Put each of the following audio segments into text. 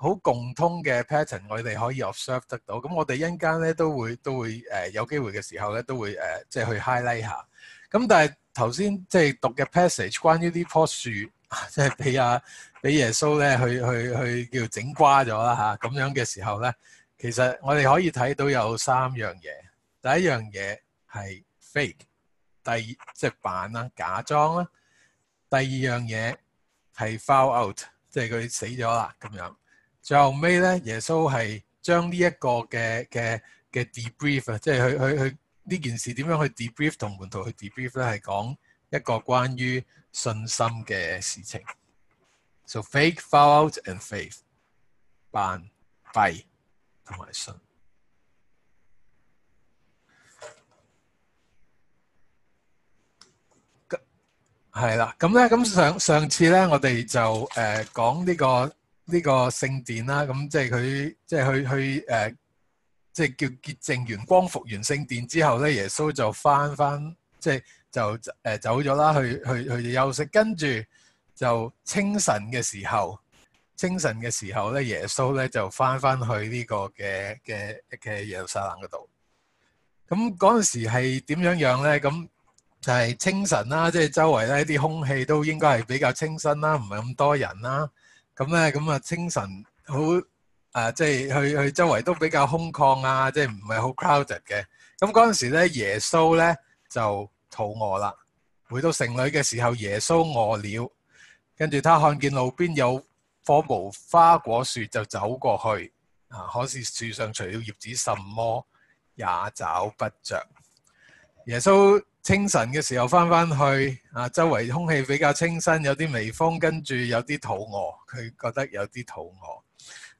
好共通嘅 pattern，我哋可以 observe 得到。咁我哋一陣間咧都會都會誒、呃、有機會嘅時候咧都會誒、呃、即係去 highlight 下。咁但係頭先即係讀嘅 passage，關於呢棵樹，即係俾啊俾耶穌咧去去去，去叫整瓜咗啦吓，咁、啊、樣嘅時候咧，其實我哋可以睇到有三樣嘢。第一樣嘢係 fake，第二即係扮啦、假裝啦。第二樣嘢係 fall out，即係佢死咗啦咁樣。最後尾咧，耶穌係將呢一個嘅嘅嘅 debrief 啊，即係去去去呢件事點樣去 debrief 同門徒去 debrief 咧，係講一個關於信心嘅事情。So fake, foul and faith，扮弊同埋信。係啦，咁咧咁上上次咧，我哋就誒講呢個。呢個聖殿啦，咁即係佢，即係去去誒，即係叫潔淨完、光復完聖殿之後咧，耶穌就返返，即係就誒走咗啦，去去去休息。跟住就清晨嘅時候，清晨嘅時候咧，耶穌咧就返返去呢個嘅嘅嘅耶路撒冷嗰度。咁嗰陣時係點樣樣咧？咁就係清晨啦，即係周圍咧啲空氣都應該係比較清新啦，唔係咁多人啦。咁咧，咁啊，清晨好啊，即係去去周圍都比較空曠啊，即係唔係好 crowded 嘅。咁嗰陣時咧，耶穌咧就肚餓啦。回到城裏嘅時候，耶穌餓了，跟住他看見路邊有棵無花果樹，就走過去。啊，可是樹上除了葉子，什麼也找不着。耶穌。清晨嘅時候翻翻去啊，周圍空氣比較清新，有啲微風，跟住有啲肚餓，佢覺得有啲肚餓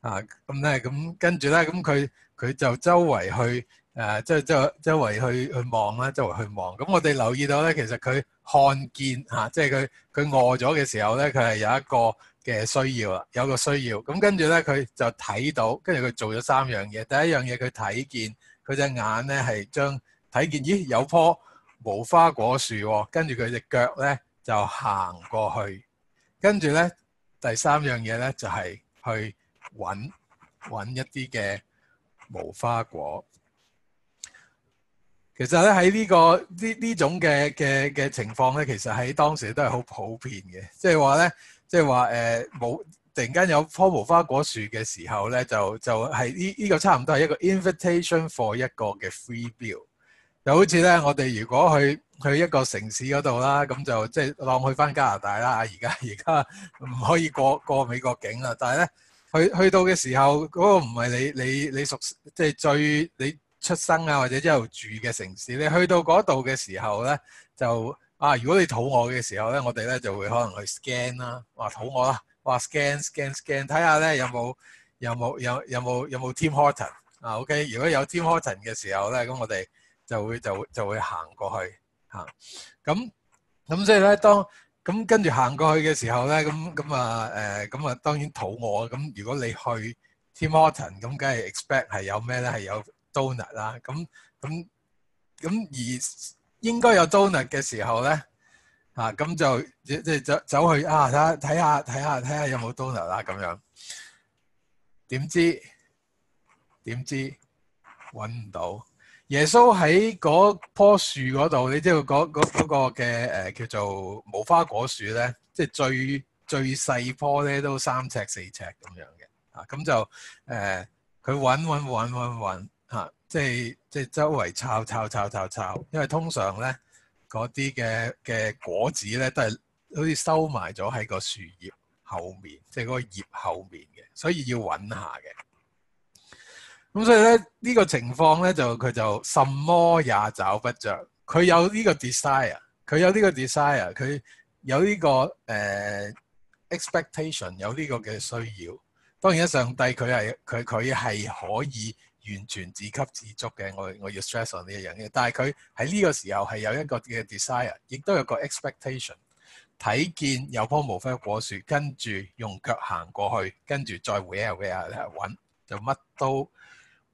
啊。咁咧，咁跟住咧，咁佢佢就周圍去誒，即係即係周圍去去望啦，周圍去望。咁我哋留意到咧，其實佢看見嚇，啊，即係佢佢餓咗嘅時候咧，佢係有一個嘅需要啦，有個需要。咁跟住咧，佢就睇到，跟住佢做咗三樣嘢。第一樣嘢佢睇見佢隻眼咧係將睇見，咦有棵無花果樹，跟住佢隻腳咧就行過去，跟住咧第三樣嘢咧就係去搵搵一啲嘅無花果。其實咧喺呢個呢呢種嘅嘅嘅情況咧，其實喺當時都係好普遍嘅，即係話咧，即係話誒冇突然間有棵無花果樹嘅時候咧，就就係呢呢個差唔多係一個 invitation for 一個嘅 free bill。就好似咧，我哋如果去去一個城市嗰度啦，咁就即係浪去翻加拿大啦。而家而家唔可以過過美國境啦，但係咧去去到嘅時候，嗰個唔係你你你熟，即係最你出生啊或者之後住嘅城市。你去到嗰度嘅時候咧，就啊，如果你肚餓嘅時候咧，我哋咧就會可能去 scan 啦，話肚餓啦，話 scan scan scan，睇下咧有冇有冇有有冇有冇 Tim Hortons 啊？OK，如果有 Tim Hortons 嘅時候咧，咁我哋。就會就就會行過去嚇，咁、啊、咁所以咧，當咁跟住行過去嘅時候咧，咁咁啊誒，咁啊、呃、當然肚餓。咁如果你去 Tim Hortons 咁梗係 expect 係有咩咧？係有 donut 啦。咁咁咁而應該有 donut 嘅時候咧，嚇、啊、咁就即係走走去啊睇下睇下睇下睇下有冇 donut 啦咁樣。點知點知揾唔到？耶穌喺嗰棵樹嗰度，你知嗰嗰、嗰個嘅誒、呃、叫做無花果樹咧，即係最最細棵咧都三尺四尺咁樣嘅，啊咁就誒佢揾揾揾揾揾嚇，即係即係周圍抄抄抄抄抄，因為通常咧嗰啲嘅嘅果子咧都係好似收埋咗喺個樹葉後面，即係嗰個葉後面嘅，所以要揾下嘅。咁所以咧，呢、這個情況咧就佢就什麼也找不着。佢有呢個 desire，佢有呢個 desire，佢有呢、這個誒、呃、expectation，有呢個嘅需要。當然上帝佢係佢佢係可以完全自給自足嘅。我我要 stress on 呢個人嘅，但係佢喺呢個時候係有一個嘅 desire，亦都有一個 expectation。睇見有棵無花果樹，跟住用腳行過去，跟住再 where where 揾，就乜都～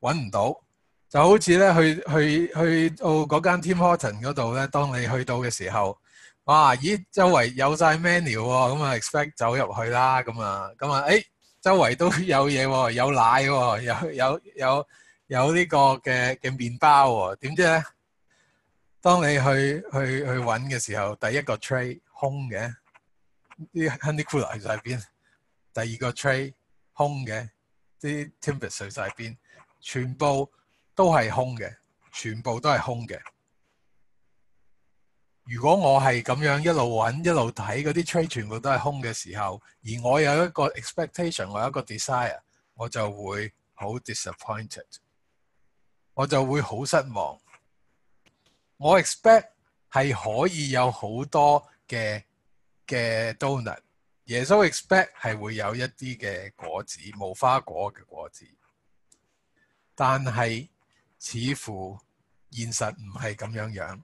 揾唔到，就好似咧去去去到嗰間 Tim Horton 嗰度咧，當你去到嘅時候，哇！咦，周圍有晒 menu 咁啊，expect 走入去啦，咁啊，咁啊，誒、啊欸，周圍都有嘢，有奶喎，有有有有呢個嘅嘅麵包喎，點、啊、知咧？當你去去去揾嘅時候，第一個 tray 空嘅，啲 honey cruller 喺晒邊？第二個 tray 空嘅，啲 Timbits 去晒邊？全部都係空嘅，全部都係空嘅。如果我係咁樣一路揾，一路睇嗰啲 trade，全部都係空嘅時候，而我有一個 expectation，我有一個 desire，我就會好 disappointed，我就會好失望。我 expect 係可以有好多嘅嘅 donut，耶穌 expect 係會有一啲嘅果子，無花果嘅果子。但係似乎現實唔係咁樣樣，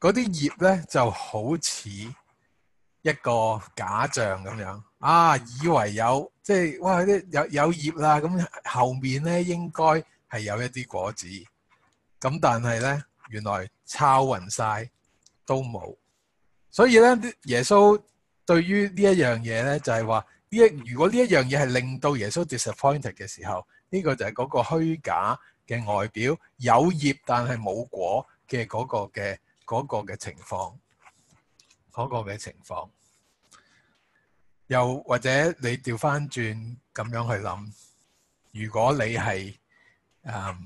嗰啲葉咧就好似一個假象咁樣，啊以為有即係哇啲有有葉啦，咁後面咧應該係有一啲果子，咁但係咧原來抄匀晒都冇，所以咧耶穌對於呢一樣嘢咧就係話呢一如果呢一樣嘢係令到耶穌 disappointed 嘅時候。呢個就係嗰個虛假嘅外表，有葉但係冇果嘅嗰個嘅嗰個嘅情況，嗰個嘅情況。又或者你調翻轉咁樣去諗，如果你係誒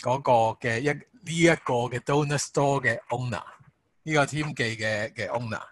嗰個嘅一呢一個嘅 donor store 嘅 owner，呢個添記嘅嘅 owner。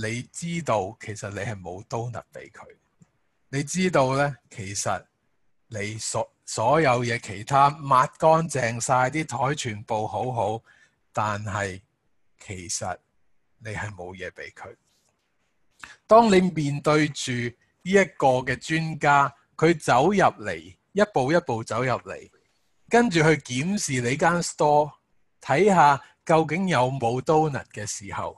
你知道其實你係冇刀刃俾佢，你知道呢，其實你所所有嘢其他抹乾淨晒啲台全部好好，但係其實你係冇嘢俾佢。當你面對住呢一個嘅專家，佢走入嚟一步一步走入嚟，跟住去檢視你間 store，睇下究竟有冇刀刃嘅時候。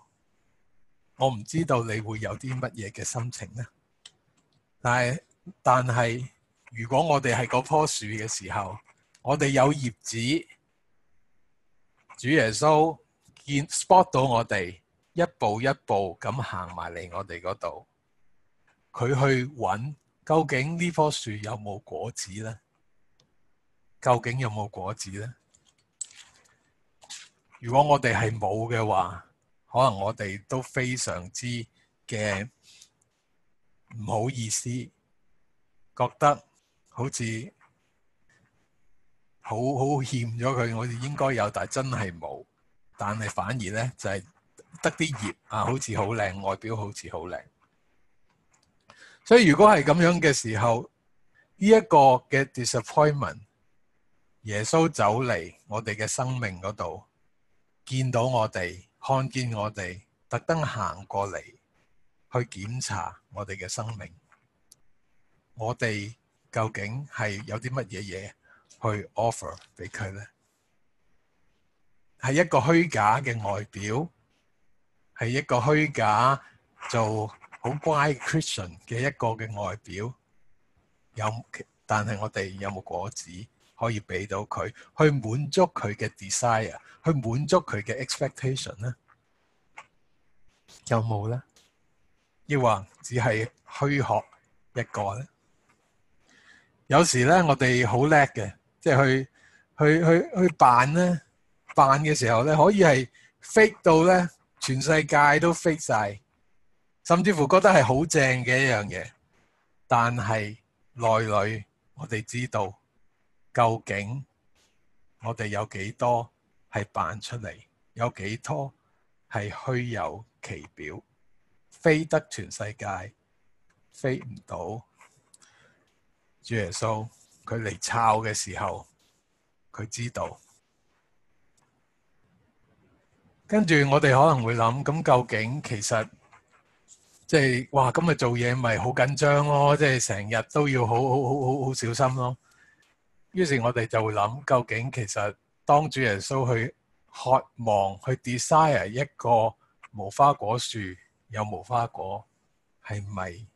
我唔知道你會有啲乜嘢嘅心情呢，但係但係，如果我哋係嗰棵樹嘅時候，我哋有葉子，主耶穌見 spot 到我哋一步一步咁行埋嚟我哋嗰度，佢去揾究竟呢棵樹有冇果子呢？究竟有冇果子呢？如果我哋係冇嘅話，可能我哋都非常之嘅唔好意思，覺得好似好好欠咗佢，我哋應該有，但係真係冇。但係反而呢，就係得啲葉啊，好似好靚，外表好似好靚。所以如果係咁樣嘅時候，呢一個嘅 disappointment，耶穌走嚟我哋嘅生命嗰度，見到我哋。看見我哋特登行過嚟，去檢查我哋嘅生命，我哋究竟係有啲乜嘢嘢去 offer 俾佢呢？係一個虛假嘅外表，係一個虛假做好乖 Christian 嘅一個嘅外表，但有但係我哋有冇果子？可以俾到佢去滿足佢嘅 desire，去滿足佢嘅 expectation 呢？有冇呢？抑或只係虛學一個呢？有時呢，我哋好叻嘅，即係去去去去扮呢。扮嘅時候呢，可以係 fake 到呢，全世界都 fake 晒甚至乎覺得係好正嘅一樣嘢，但係內裏我哋知道。究竟我哋有幾多係扮出嚟？有幾多係虛有其表？飛得全世界，飛唔到。主耶穌佢嚟抄嘅時候，佢知道。跟住我哋可能會諗，咁究竟其實即係哇，今日做嘢咪好緊張咯？即係成日都要好好好好好小心咯。於是我哋就會諗，究竟其實當主耶穌去渴望、去 desire 一個無花果樹有無花果，係咪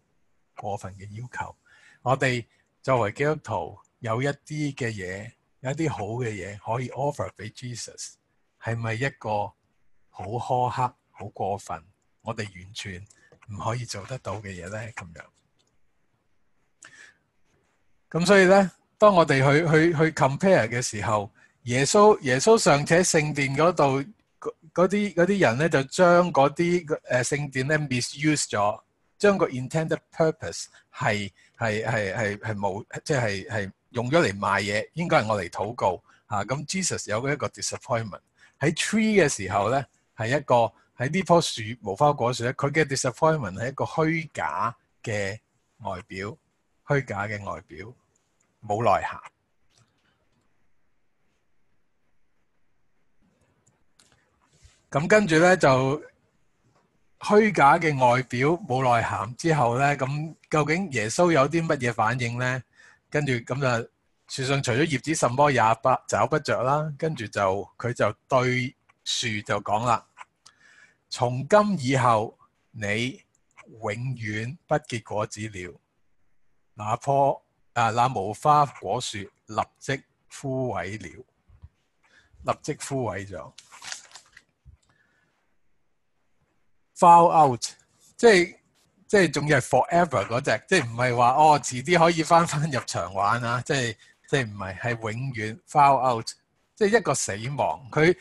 過分嘅要求？我哋作為基督徒有一啲嘅嘢，有一啲好嘅嘢可以 offer 俾 Jesus，係咪一個好苛刻、好過分、我哋完全唔可以做得到嘅嘢呢？咁樣。咁所以呢。當我哋去去去 compare 嘅時候，耶穌耶穌尚且聖殿嗰度嗰啲啲人咧，就將嗰啲誒聖殿咧 misuse 咗，將個 intended purpose 係係係係係冇，即係係用咗嚟賣嘢。應該係我嚟禱告吓。咁、啊、Jesus 有嘅一個 disappointment 喺 tree 嘅時候咧，係一個喺呢棵樹無花果樹咧，佢嘅 disappointment 係一個虛假嘅外表，虛假嘅外表。冇內涵。咁跟住呢，就虛假嘅外表冇內涵之後呢，咁究竟耶穌有啲乜嘢反應呢？跟住咁就樹上除咗葉子，什麼也不找不着啦。跟住就佢就對樹就講啦：從今以後你永遠不結果子了，那棵。啊！那無花果樹立即枯萎了，立即枯萎咗。Foul out，即係即係仲要係 forever 嗰隻，即係唔係話哦，遲啲可以返返入場玩啊！即係即係唔係係永遠 foul out，即係一個死亡。佢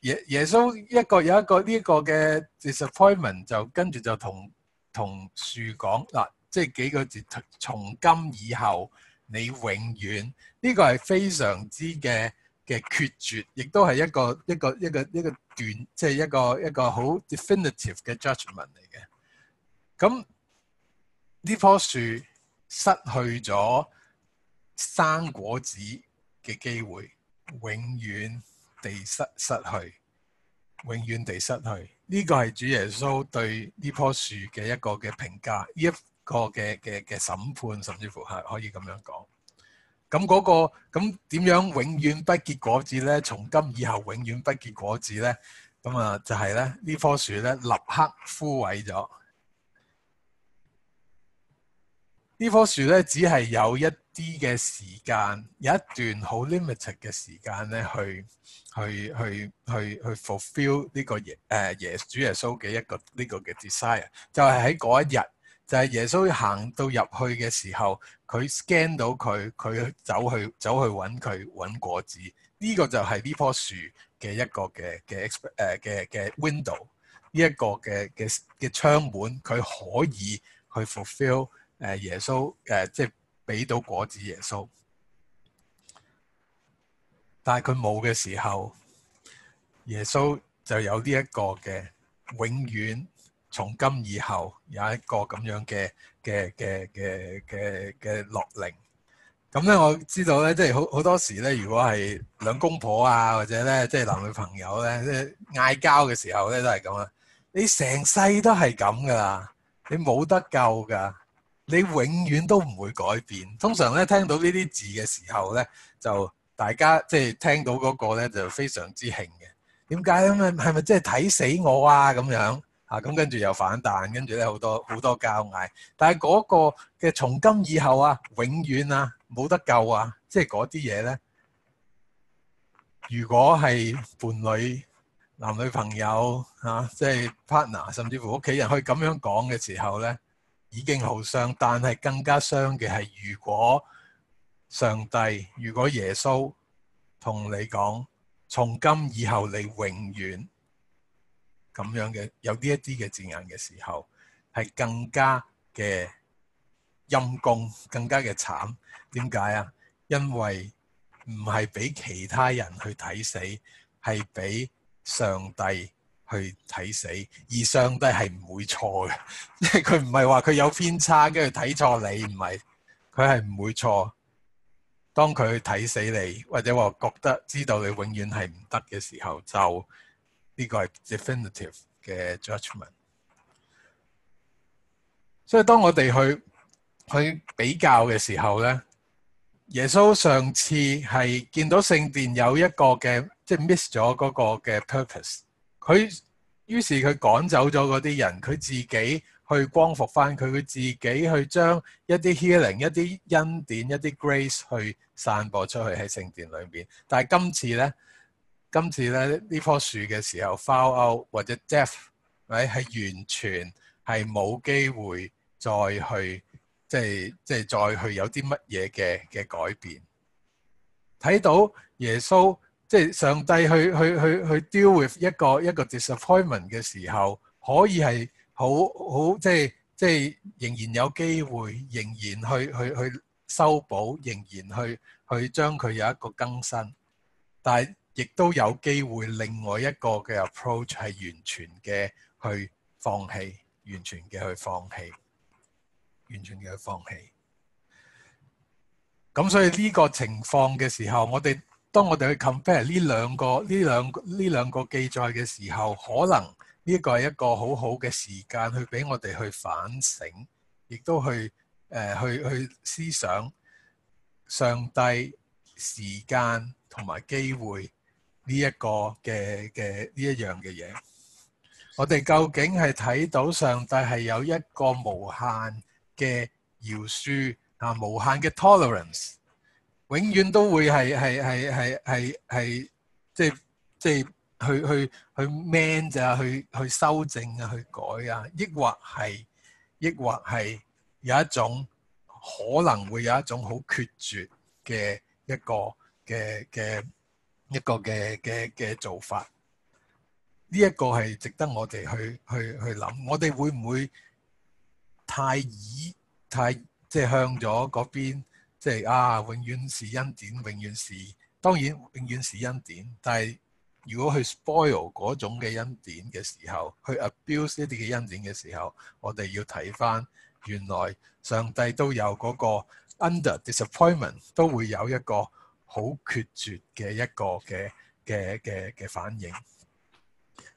耶耶穌一個有一個呢個嘅 disappointment，就跟住就同同樹講嗱。即係幾個字，從今以後你永遠呢個係非常之嘅嘅決絕，亦都係一個一個一個一個斷，即係一個一個好 definitive 嘅 judgment 嚟嘅。咁呢棵樹失去咗生果子嘅機會，永遠地失失去，永遠地失去。呢個係主耶穌對呢棵樹嘅一個嘅評價。依一個嘅嘅嘅審判，甚至乎係可以咁樣講。咁嗰、嗰個咁點樣永遠不結果子咧？從今以後永遠不結果子咧？咁啊，就係咧呢棵樹咧，立刻枯萎咗。呢棵樹咧，只係有一啲嘅時間，有一段好 limited 嘅時間咧，去去去去去 fulfill 呢個耶誒耶，耶主耶穌嘅一個呢、呢個嘅 desire，就係喺嗰一日。就係耶穌行到入去嘅時候，佢 scan 到佢，佢走去走去揾佢揾果子。呢、這個就係呢棵樹嘅一個嘅嘅誒嘅嘅 window。呢一個嘅嘅嘅窗門，佢可以去 fulfill 誒耶穌誒、呃，即係俾到果子耶穌。但係佢冇嘅時候，耶穌就有呢一個嘅永遠。從今以後有一個咁樣嘅嘅嘅嘅嘅嘅落令，咁咧我知道咧，即係好好多時咧，如果係兩公婆啊，或者咧即係男女朋友咧，嗌交嘅時候咧都係咁啊！你成世都係咁㗎喇，你冇得救㗎，你永遠都唔會改變。通常咧聽到呢啲字嘅時候咧，就大家即係聽到嗰個咧就非常之興嘅。點解咧？咪係咪即係睇死我啊？咁樣？啊！咁跟住又反彈，跟住咧好多好多交嗌。但係嗰個嘅從今以後啊，永遠啊，冇得救啊！即係嗰啲嘢咧，如果係伴侶、男女朋友啊，即係 partner，甚至乎屋企人可以咁樣講嘅時候咧，已經好傷。但係更加傷嘅係，如果上帝、如果耶穌同你講從今以後你永遠。咁樣嘅有呢一啲嘅字眼嘅時候，係更加嘅陰功，更加嘅慘。點解啊？因為唔係俾其他人去睇死，係俾上帝去睇死。而上帝係唔會錯嘅，即係佢唔係話佢有偏差，跟住睇錯你，唔係佢係唔會錯。當佢睇死你，或者話覺得知道你永遠係唔得嘅時候，就。呢個係 definitive 嘅 judgment。所以當我哋去去比較嘅時候呢，耶穌上次係見到聖殿有一個嘅，即係 miss 咗嗰個嘅 purpose。佢於是佢趕走咗嗰啲人，佢自己去光復返，佢佢自己去將一啲 healing、一啲恩典、一啲 grace 去散播出去喺聖殿裏面。但係今次呢。今次咧呢棵樹嘅時候 fall out 或者 death，咪係完全係冇機會再去即係即係再去有啲乜嘢嘅嘅改變。睇到耶穌即係上帝去去去去 deal with 一個一個 disappointment 嘅時候，可以係好好即係即係仍然有機會，仍然去去去修補，仍然去去將佢有一個更新，但係。亦都有機會，另外一個嘅 approach 係完全嘅去放棄，完全嘅去放棄，完全嘅去放棄。咁所以呢個情況嘅時候，我哋當我哋去 compare 呢兩個呢兩呢兩個記載嘅時候，可能呢個係一個好好嘅時間去俾我哋去反省，亦都去誒、呃、去去思想上帝、時間同埋機會。呢一個嘅嘅呢一樣嘅嘢，我哋究竟係睇到上帝係有一個無限嘅饒恕啊，無限嘅 tolerance，永遠都會係係係係係係即係即係去去去 man 咋，去去修正啊，去改啊，抑或係抑或係有一種可能會有一種好決絕嘅一個嘅嘅。一個嘅嘅嘅做法，呢、這、一個係值得我哋去去去諗。我哋會唔會太以太即係向咗嗰邊？即係啊，永遠是恩典，永遠是當然，永遠是恩典。但係如果去 spoil 嗰種嘅恩典嘅時候，去 abuse 一啲嘅恩典嘅時候，我哋要睇翻原來上帝都有嗰個 under disappointment，都會有一個。好決絕嘅一個嘅嘅嘅嘅反應，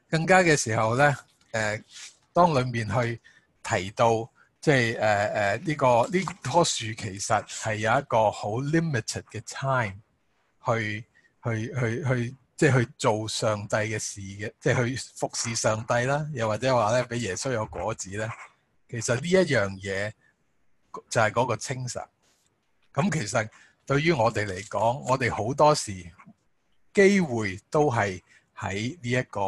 更加嘅時候咧，誒、呃，當裏面去提到，即係誒誒呢個呢棵樹其實係有一個好 limited 嘅 time 去去去去，即係去做上帝嘅事嘅，即係去服侍上帝啦，又或者話咧俾耶穌有果子咧，其實呢一樣嘢就係嗰個清實，咁其實。對於我哋嚟講，我哋好多時機會都係喺呢一個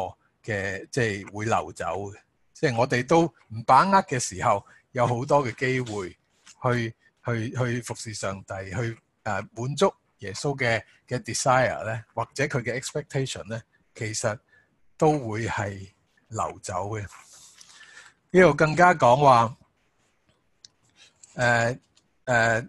嘅，即係會流走。即係我哋都唔把握嘅時候，有好多嘅機會去去去服侍上帝，去誒滿足耶穌嘅嘅 desire 咧，或者佢嘅 expectation 咧，其實都會係流走嘅。呢度更加講話誒誒。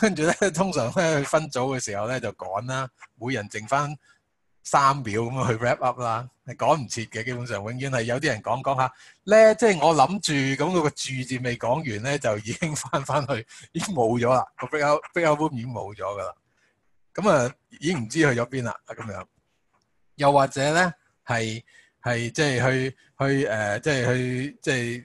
跟住咧，通常咧分組嘅時候咧就趕啦，每人剩翻三秒咁去 wrap up 啦。你趕唔切嘅，基本上永遠係有啲人講講下咧，即係我諗住咁嗰個住字未講完咧，就已經翻翻去，已經冇咗啦，個 breakout breakout room 已經冇咗噶啦。咁啊，已經唔知去咗邊啦，咁樣。又或者咧，係係即係去去誒，即係去即係。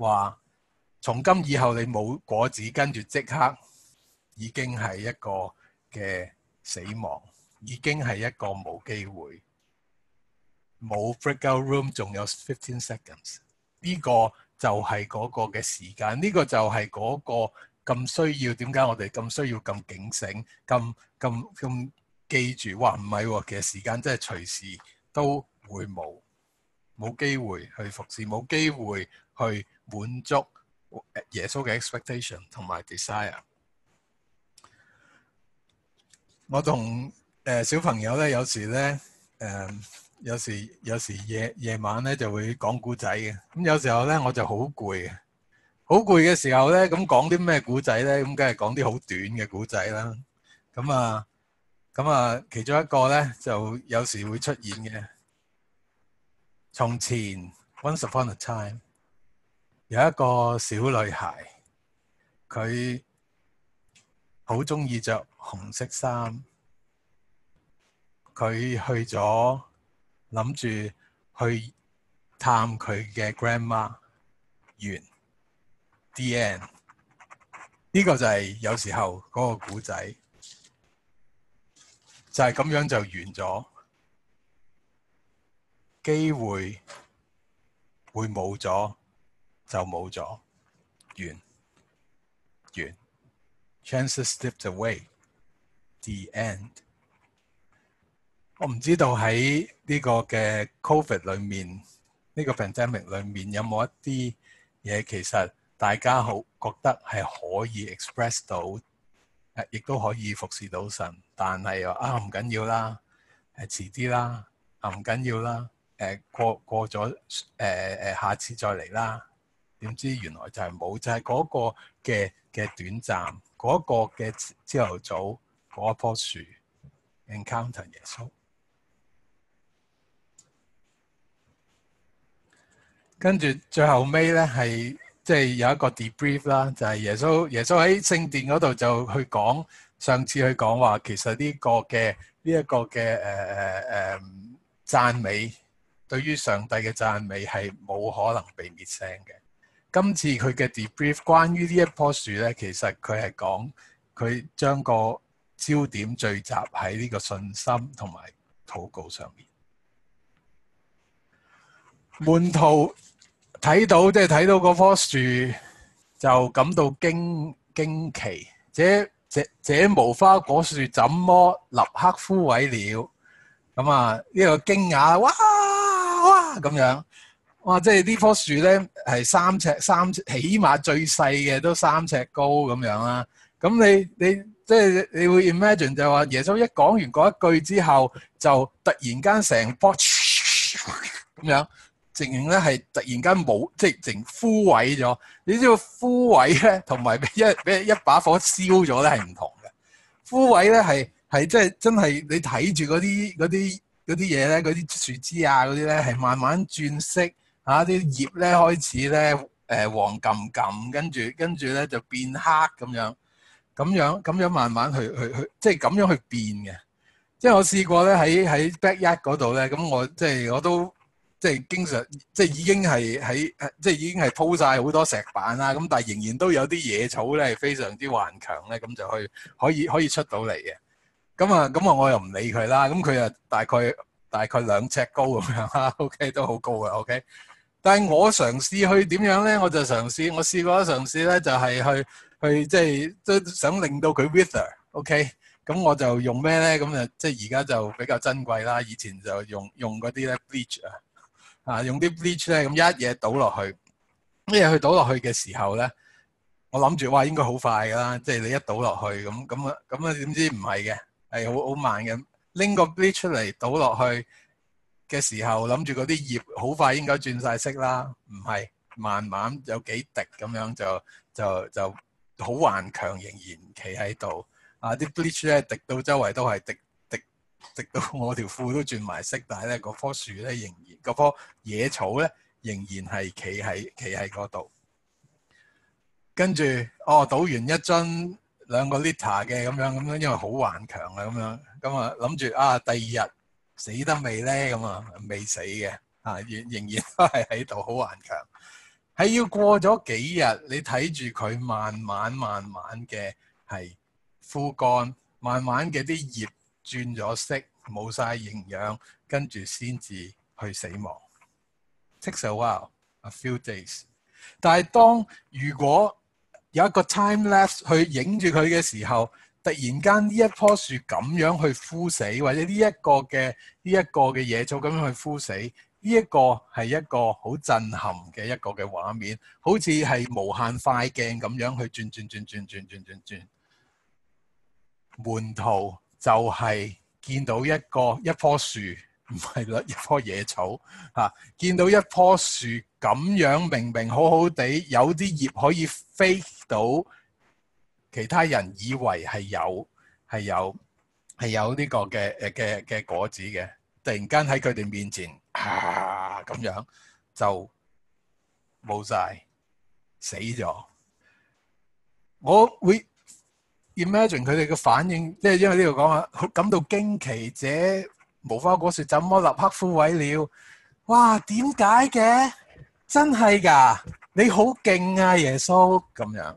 話從今以後，你冇果子，跟住，即刻已經係一個嘅死亡，已經係一個冇機會，冇 breakout room，仲有 fifteen seconds，呢個就係嗰個嘅時間，呢個就係嗰個咁需要。點解我哋咁需要咁警醒，咁咁咁記住？話唔係喎，其實時間真係隨時都會冇，冇機會去服侍，冇機會去。滿足耶穌嘅 expectation 同埋 desire。我同誒小朋友咧，有時咧誒，有時有時夜夜晚咧就會講古仔嘅。咁有時候咧，我就好攰嘅，好攰嘅時候咧，咁講啲咩古仔咧？咁梗係講啲好短嘅古仔啦。咁啊，咁啊，其中一個咧就有時會出現嘅。從前 Once upon a time。有一個小女孩，佢好鍾意着紅色衫。佢去咗諗住去探佢嘅 grandma，完。the end，呢個就係有時候嗰個故仔，就係咁樣就完咗，機會會冇咗。就冇咗，完完，chances slipped away，the end。我唔知道喺呢個嘅 covid 裡面，呢個 pandemic 裏面有冇一啲嘢其實大家好覺得係可以 express 到，亦都可以服侍到神，但係又啊唔緊要啦，誒遲啲啦，啊唔緊要啦，誒過過咗，誒誒下次再嚟啦。點知原來就係冇，就係、是、個嘅嘅短暫、嗰個嘅朝頭早一棵樹 encounter 耶穌。跟住最後尾咧，係即係有一個 debrief 啦，就係耶穌耶穌喺聖殿度就去講，上次去講話，其實呢個嘅呢一個嘅誒誒誒讚美，對於上帝嘅讚美係冇可能被滅聲嘅。.今次佢嘅 debrief，關於呢一棵樹咧，其實佢係講，佢將個焦點聚集喺呢個信心同埋禱告上面。門徒睇到，即係睇到嗰棵樹，就感到驚驚奇，這這這無花果樹怎麼立刻枯萎了？咁啊，呢個驚訝，哇哇咁樣。哇、哦！即係呢棵樹咧，係三尺、三尺，起碼最細嘅都三尺高咁樣啦。咁你你即係、就是、你會 imagine 就係話，耶穌一講完嗰一句之後，就突然間成棵咁樣，竟然咧係突然間冇即係淨枯萎咗。你知道枯萎咧同埋一俾一把火燒咗咧係唔同嘅。枯萎咧係係真係真係你睇住嗰啲嗰啲嗰啲嘢咧，嗰啲樹枝啊嗰啲咧係慢慢轉色。啊啲葉咧開始咧，誒黃冚冚，跟住跟住咧就變黑咁樣，咁樣咁樣慢慢去去去，即係咁樣去變嘅。即係我試過咧喺喺 backyard 嗰度咧，咁我即係我都即係經常即係已經係喺即係已經係鋪晒好多石板啦，咁但係仍然都有啲野草咧係非常之頑強咧，咁就去可以可以，可以出到嚟嘅。咁啊咁啊，我又唔理佢啦。咁佢啊大概大概兩尺高咁樣啦。 OK 都好高嘅。OK。但係我嘗試去點樣咧，我就嘗試，我試過我嘗試咧，就係去去即係都想令到佢 wither，OK？咁我就用咩咧？咁啊，即係而家就比較珍貴啦。以前就用用嗰啲咧 bleach 啊，啊用啲 bleach 咧，咁一嘢倒落去，一嘢去倒落去嘅時候咧，我諗住哇應該好快㗎啦，即係你一倒落去，咁咁啊咁啊，點知唔係嘅，係好好慢嘅，拎個 bleach 出嚟倒落去。嘅時候諗住嗰啲葉好快應該轉晒色啦。唔係，慢慢有幾滴咁樣，就就就好頑強，仍然企喺度。啊啲 bleach 咧滴到周圍都係滴，滴滴到我條褲都轉埋色，但係咧嗰棵樹咧仍然，嗰棵野草咧仍然係企喺企喺嗰度。跟住哦，倒完一樽兩個 liter 嘅咁樣咁樣，因為好頑強啊咁樣，咁啊諗住啊第二日。死得未咧？咁啊，未死嘅，啊仍仍然都係喺度好頑強，係要過咗幾日，你睇住佢慢慢慢慢嘅係枯乾，慢慢嘅啲葉轉咗色，冇晒營養，跟住先至去死亡。takes a while, a few days。但係當如果有一個 time lapse 去影住佢嘅時候。突然間呢一棵樹咁樣去枯死，或者呢一,一,一,一個嘅呢一個嘅野草咁樣去枯死，呢一個係一個好震撼嘅一個嘅畫面，好似係無限快鏡咁樣去轉轉轉轉轉轉轉轉。門徒就係見到一個一棵樹，唔係啦一棵野草嚇、啊，見到一棵樹咁樣明明好好地，有啲葉可以飛到。其他人以為係有係有係有呢個嘅嘅嘅果子嘅，突然間喺佢哋面前，啊咁樣就冇晒死咗。我會 imagine 佢哋嘅反應，即係因為呢度講話感到驚奇者，無花果樹怎麼立刻枯萎了？哇！點解嘅？真係㗎！你好勁啊，耶穌咁樣。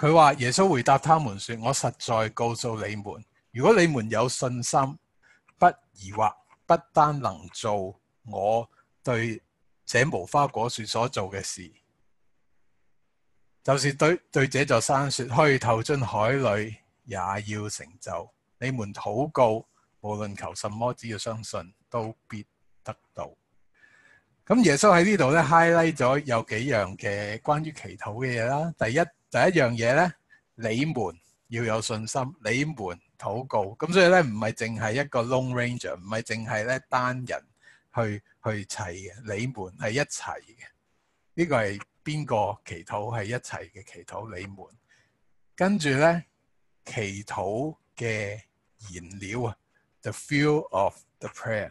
佢話：耶穌回答他們說：我實在告訴你們，如果你們有信心，不疑惑，不單能做我對這無花果樹所做嘅事，就是對對這座山説可以投進海裡，也要成就。你們禱告，無論求什麼，只要相信，都必得到。咁耶穌喺呢度咧 highlight 咗有幾樣嘅關於祈禱嘅嘢啦。第一第一樣嘢咧，你們要有信心，你們禱告。咁所以咧，唔係淨係一個 lone ranger，唔係淨係咧單人去去砌嘅。你們係一齊嘅，這個、是祈是齊的，呢個係邊個祈禱係一齊嘅祈禱？你們跟住咧，祈禱嘅燃料啊，the fuel of the prayer。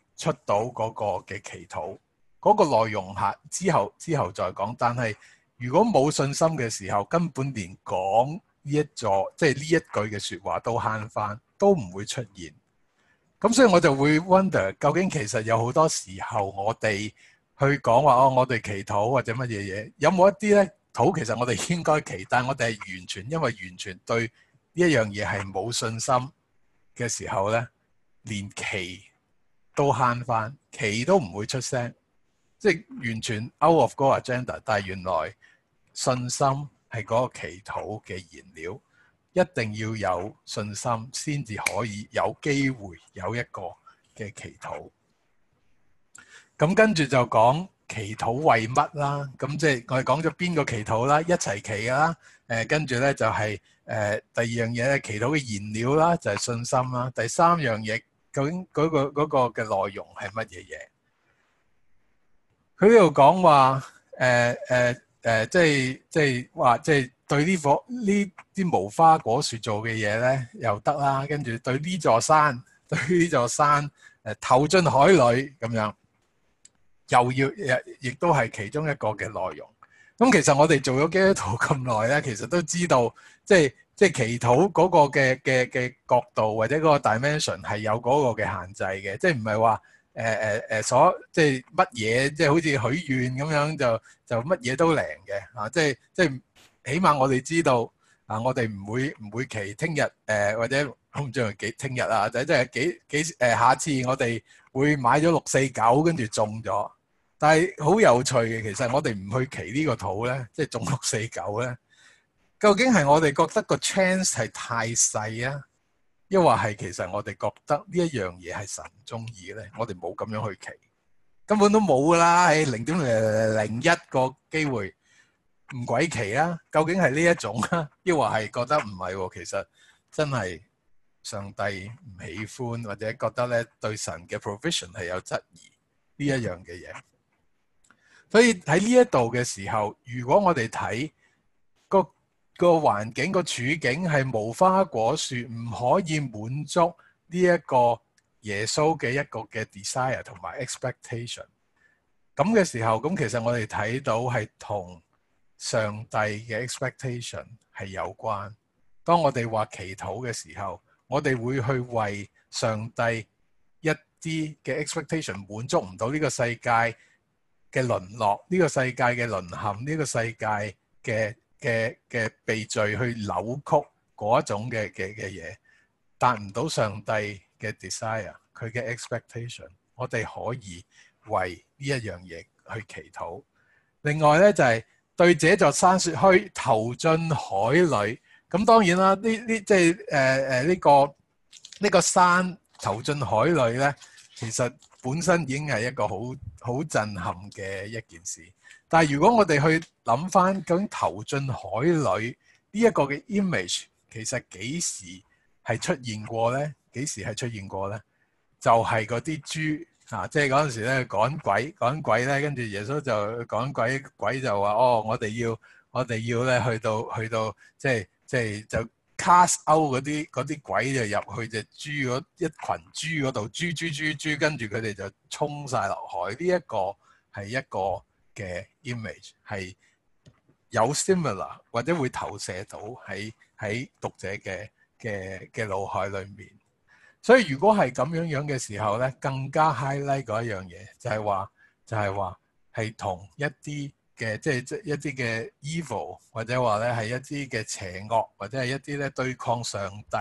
出到嗰個嘅祈禱，嗰、嗰個內容下，之後之後再講。但係如果冇信心嘅時候，根本連講呢一座即係呢一句嘅説話都慳翻，都唔會出現。咁所以我就會 wonder 究竟其實有好多時候我哋去講話哦，我哋祈禱或者乜嘢嘢，有冇一啲呢？禱其實我哋應該祈，但我哋係完全因為完全對一樣嘢係冇信心嘅時候呢連祈。到慳翻，祈都唔會出聲，即係完全 out of 嗰個 agenda。但係原來信心係嗰個祈禱嘅燃料，一定要有信心先至可以有機會有一個嘅祈禱。咁跟住就講祈禱為乜啦？咁即係我哋講咗邊個祈禱啦？一齊祈㗎啦。誒、呃，跟住咧就係、是、誒、呃、第二樣嘢，祈禱嘅燃料啦，就係、是、信心啦。第三樣嘢。究竟嗰個嗰個嘅內容係乜嘢嘢？佢呢度講話誒誒誒，即係即係話，即係對呢棵呢啲無花果樹做嘅嘢咧又得啦，跟住對呢座山對呢座山誒投進海裏咁樣，又要亦亦都係其中一個嘅內容。咁其實我哋做咗基督徒咁耐咧，其實都知道即係。即係祈禱嗰個嘅嘅嘅角度或、呃啊啊呃，或者嗰個 dimension 係有嗰個嘅限制嘅，即係唔係話誒誒誒所即係乜嘢，即係好似許願咁樣就就乜嘢都靈嘅啊！即係即係起碼我哋知道啊，我哋唔會唔會祈聽日誒，或者好唔知幾聽日啊，或者即係幾幾誒、呃、下次我哋會買咗六四九跟住中咗，但係好有趣嘅，其實我哋唔去祈呢個禱咧，即係中六四九咧。究竟係我哋覺得個 chance 係太細啊，抑或係其實我哋覺得這呢一樣嘢係神唔中意咧？我哋冇咁樣去祈，根本都冇噶啦、欸，零點零一個機會，唔鬼祈呀、啊？究竟係呢一種啊，抑或係覺得唔係、啊？其實真係上帝唔喜歡，或者覺得咧對神嘅 provision 係有質疑呢一樣嘅嘢。所以喺呢一度嘅時候，如果我哋睇個。個環境、個處境係無花果樹唔可以滿足呢一個耶穌嘅一個嘅 desire 同埋 expectation。咁嘅時候，咁其實我哋睇到係同上帝嘅 expectation 係有關。當我哋話祈禱嘅時候，我哋會去為上帝一啲嘅 expectation 滿足唔到呢個世界嘅淪落，呢個世界嘅淪陷，呢個世界嘅。嘅嘅罪罪去扭曲嗰一種嘅嘅嘅嘢，達唔到上帝嘅 desire，佢嘅 expectation，我哋可以為呢一樣嘢去祈禱。另外咧就係、是、對這座山說去，投進海裏。咁當然啦，呢呢即係誒誒呢個呢、呃這個這個山投進海裏咧，其實本身已經係一個好好震撼嘅一件事。但係如果我哋去諗翻咁投進海裡呢一個嘅 image，其實幾時係出現過咧？幾時係出現過咧？就係嗰啲豬啊，即係嗰陣時咧趕鬼，趕鬼咧，跟住耶穌就趕鬼，鬼就話：哦，我哋要我哋要咧去到去到，即係即係就 cast out 嗰啲嗰啲鬼就入去隻豬嗰一群豬嗰度，豬豬豬豬，跟住佢哋就衝晒落海。呢一個係一個。嘅 image 係有 similar 或者會投射到喺喺讀者嘅嘅嘅腦海裏面，所以如果係咁樣樣嘅時候咧，更加 highlight 嗰一樣嘢就係話就係話係同一啲嘅即係一啲嘅 evil 或者話咧係一啲嘅邪惡或者係一啲咧對抗上帝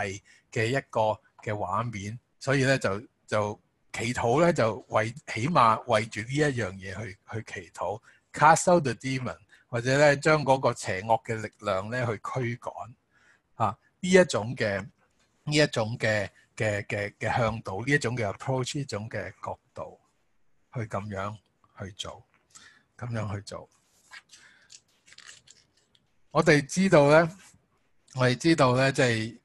嘅一個嘅畫面，所以咧就就。就祈禱咧，就為起碼為住呢一樣嘢去去祈禱，cast out the demon，或者咧將嗰個邪惡嘅力量咧去驅趕，啊呢一種嘅呢一種嘅嘅嘅嘅向度，呢一種嘅 approach，呢種嘅角度去咁樣去做，咁樣去做。我哋知道咧，我哋知道咧，即係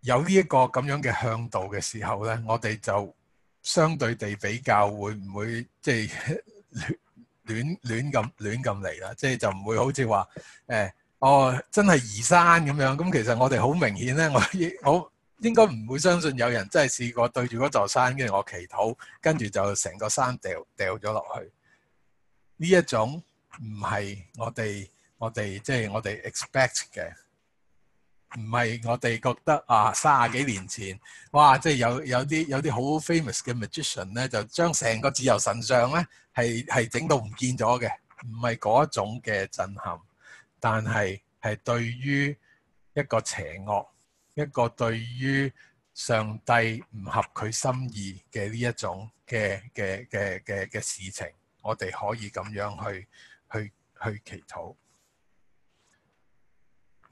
有呢一個咁樣嘅向度嘅時候咧，我哋就。相對地比較會唔會即係亂亂亂咁亂咁嚟啦？即係就唔會好似話誒，哦，真係移山咁樣。咁其實我哋好明顯咧，我我應該唔會相信有人真係試過對住嗰座山，跟住我祈禱，跟住就成個山掉掉咗落去。呢一種唔係我哋我哋即係我哋 expect 嘅。唔係我哋覺得啊，三十幾年前，哇！即係有有啲有啲好 famous 嘅 magician 咧，就將成個自由神像咧，係係整到唔見咗嘅，唔係嗰一種嘅震撼。但係係對於一個邪惡、一個對於上帝唔合佢心意嘅呢一種嘅嘅嘅嘅嘅事情，我哋可以咁樣去去去祈禱。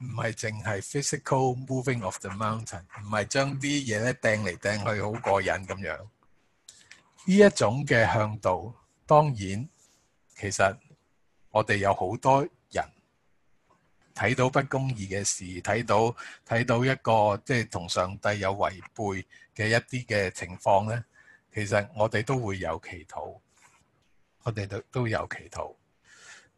唔係淨係 physical moving of the mountain，唔係將啲嘢咧掟嚟掟去好過癮咁樣。呢一種嘅向度，當然其實我哋有好多人睇到不公義嘅事，睇到睇到一個即係同上帝有違背嘅一啲嘅情況咧，其實我哋都會有祈禱，我哋都都有祈禱。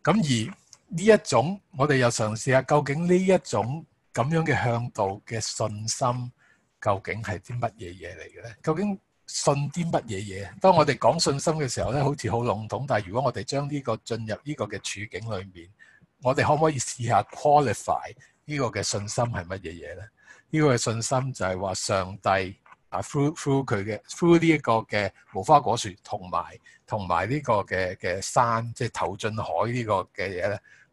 咁而呢一種，我哋又嘗試下究竟呢一種咁樣嘅向導嘅信心，究竟係啲乜嘢嘢嚟嘅咧？究竟信啲乜嘢嘢？當我哋講信心嘅時候咧，好似好籠統。但係如果我哋將呢個進入呢個嘅處境裏面，我哋可唔可以試下 qualify 呢個嘅信心係乜嘢嘢咧？呢個嘅信心就係話上帝啊，through through 佢嘅 through 呢一個嘅無花果樹同埋同埋呢個嘅嘅山，即係投進海呢個嘅嘢咧。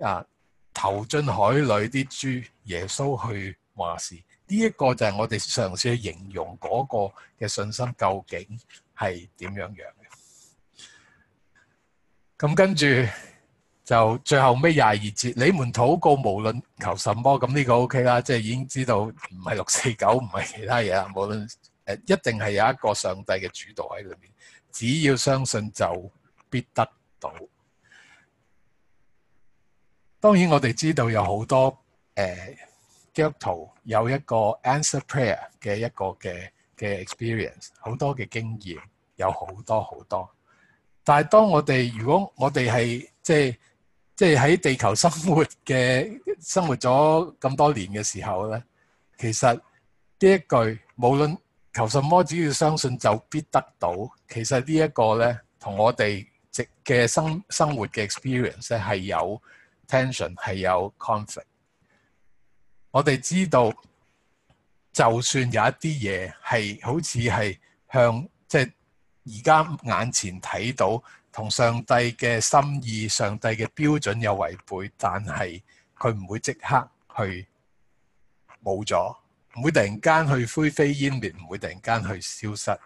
啊！投進海裏啲豬，耶穌去話事，呢一個就係我哋嘗試去形容嗰個嘅信心究竟係點樣樣嘅。咁跟住就最後尾廿二節，你們禱告無論求什麼，咁呢個 O K 啦，即係已經知道唔係六四九，唔係其他嘢啦。無論誒，一定係有一個上帝嘅主導喺裏面，只要相信就必得到。當然，我哋知道有好多誒基督徒有一個 answer prayer 嘅一個嘅嘅 experience，好多嘅經驗有好多好多。但係當我哋如果我哋係即係即係喺地球生活嘅生活咗咁多年嘅時候咧，其實呢一句無論求什麼，只要相信就必得到。其實這呢一個咧，同我哋直嘅生生活嘅 experience 咧係有。Tension 係有 conflict，我哋知道，就算有一啲嘢係好似係向即係而家眼前睇到同上帝嘅心意、上帝嘅標準有違背，但係佢唔會即刻去冇咗，唔會突然間去灰飛煙滅，唔會突然間去消失。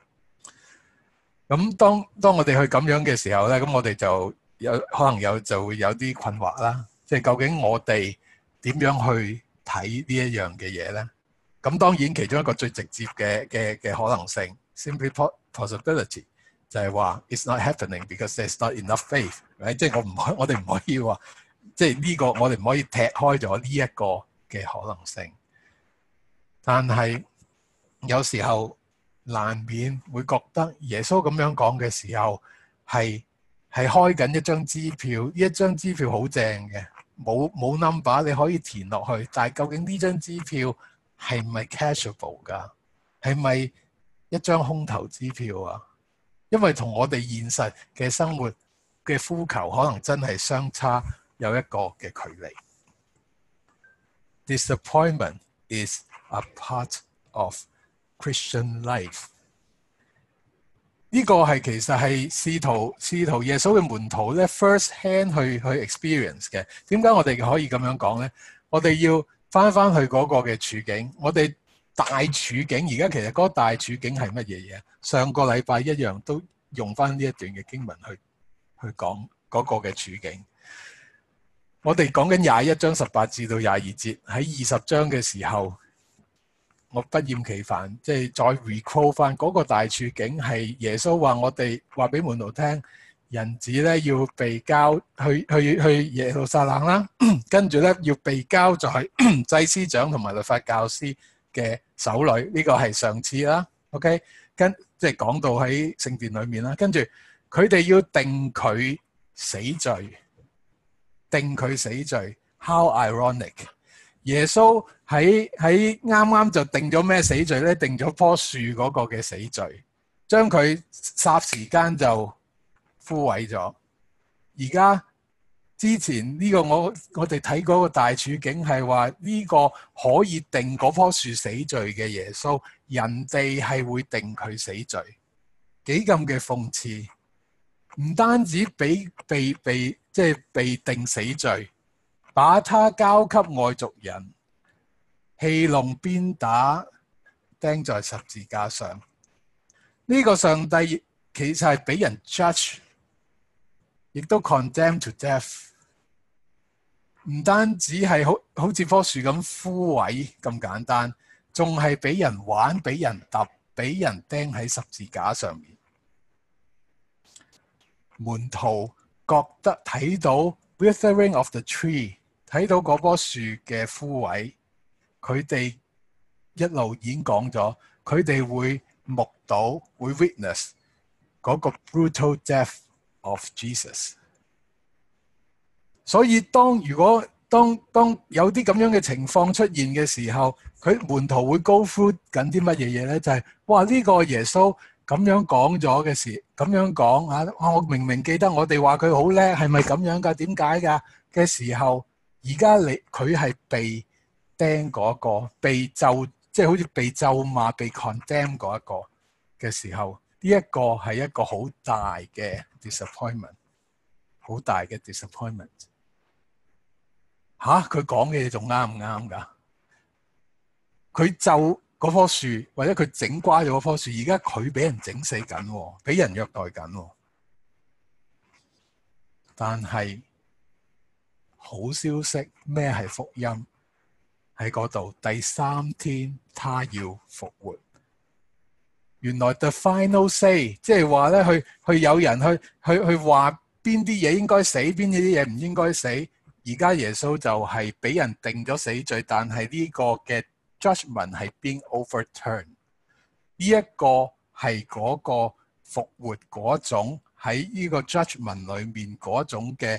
咁當當我哋去咁樣嘅時候咧，咁我哋就有可能有就會有啲困惑啦。你究竟我哋點樣去睇呢一樣嘅嘢咧？咁當然，其中一個最直接嘅嘅嘅可能性 s i m p l y possibility） 就係話，it's not happening because there's not enough faith。即係我唔，可我哋唔可以，話，即係呢個我哋唔可以踢開咗呢一個嘅可能性。但係有時候難免會覺得耶穌咁樣講嘅時候，係係開緊一張支票，呢一張支票好正嘅。冇冇 number 你可以填落去，但係究竟呢張支票係唔係 cashable 㗎？係咪一張空頭支票啊？因為同我哋現實嘅生活嘅呼求，可能真係相差有一個嘅距離。Disappointment is a part of Christian life. 呢個係其實係使徒使徒耶穌嘅門徒咧，first hand 去去 experience 嘅。點解我哋可以咁樣講呢？我哋要翻翻去嗰個嘅處境，我哋大處境。而家其實嗰大處境係乜嘢嘢？上個禮拜一樣都用翻呢一段嘅經文去去講嗰個嘅處境。我哋講緊廿一章十八至到廿二節，喺二十章嘅時候。我不厭其煩，即係再 recall 返嗰個大處境係耶穌話我哋話俾門徒聽，人子咧要被交去去去耶路撒冷啦，跟住咧要被交在祭司長同埋律法教師嘅手裏，呢個係上次啦。OK，跟即係講到喺聖殿裏面啦，跟住佢哋要定佢死罪，定佢死罪，how ironic！耶穌喺喺啱啱就定咗咩死罪咧？定咗棵樹嗰個嘅死罪，將佢霎時間就枯萎咗。而家之前呢個我我哋睇嗰個大處境係話呢個可以定嗰棵樹死罪嘅耶穌，人哋係會定佢死罪，幾咁嘅諷刺！唔單止俾被被，被即係被定死罪。把他交給外族人，戲弄、鞭打、釘在十字架上。呢個上帝其實係俾人 judge，亦都 condemn to death。唔單止係好好似棵樹咁枯萎咁簡單，仲係俾人玩、俾人揼、俾人釘喺十字架上面。門徒覺得睇到 withering of the tree。睇到嗰棵樹嘅枯萎，佢哋一路演講咗，佢哋會目睹會 witness 嗰個 brutal death of Jesus。所以當如果當當有啲咁樣嘅情況出現嘅時候，佢門徒會高呼緊啲乜嘢嘢呢？就係哇，呢個耶穌咁樣講咗嘅時，咁樣講啊！我明明記得我哋話佢好叻，係咪咁樣噶？點解噶？嘅時候。而家你佢係被釘嗰一個，被咒即係好似被咒罵、被 condemn 嗰一個嘅時候，呢、這個、一個係一個好大嘅 disappointment，好大嘅 disappointment。吓、啊？佢講嘅嘢仲啱唔啱㗎？佢咒嗰棵樹，或者佢整瓜咗嗰棵樹，而家佢俾人整死緊，俾人虐待緊。但係。好消息咩，係福音喺嗰度？第三天他要復活。原來 the final say 即係話咧，去去有人去去去話邊啲嘢應該死，邊啲嘢唔應該死。而家耶穌就係俾人定咗死罪，但係呢個嘅 judgment 係 being overturned。呢一個係嗰個復活嗰種喺呢個 judgment 裏面嗰種嘅。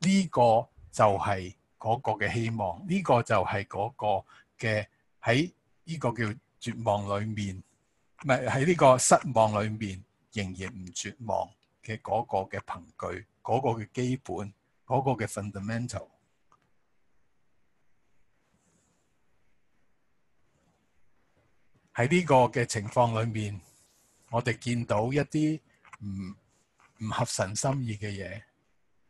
呢個就係嗰個嘅希望，呢個就係嗰個嘅喺呢個叫絕望裏面，唔係喺呢個失望裏面仍然唔絕望嘅嗰個嘅憑據，嗰個嘅基本，嗰個嘅 fundamental。喺呢個嘅情況裏面，我哋見到一啲唔唔合神心意嘅嘢。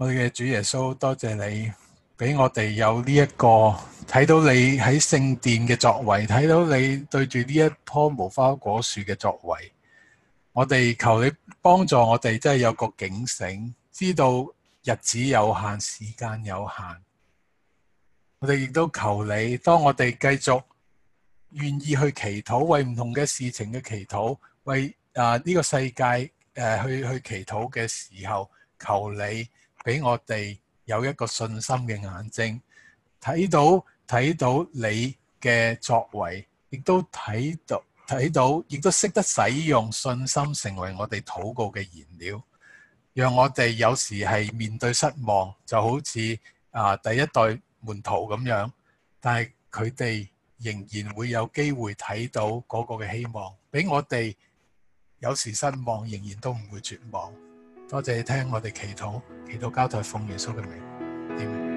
我哋嘅主耶穌，多謝你俾我哋有呢一個睇到你喺聖殿嘅作為，睇到你對住呢一棵無花果樹嘅作為。我哋求你幫助我哋，真係有個警醒，知道日子有限，時間有限。我哋亦都求你，當我哋繼續願意去祈禱，為唔同嘅事情嘅祈禱，為啊呢、呃這個世界誒、呃、去去祈禱嘅時候，求你。俾我哋有一個信心嘅眼睛，睇到睇到你嘅作為，亦都睇到睇到，亦都識得使用信心成為我哋禱告嘅燃料，讓我哋有時係面對失望，就好似啊第一代門徒咁樣，但係佢哋仍然會有機會睇到嗰個嘅希望，俾我哋有時失望，仍然都唔會絕望。多謝你聽我哋祈禱，祈禱交代奉耶穌嘅名。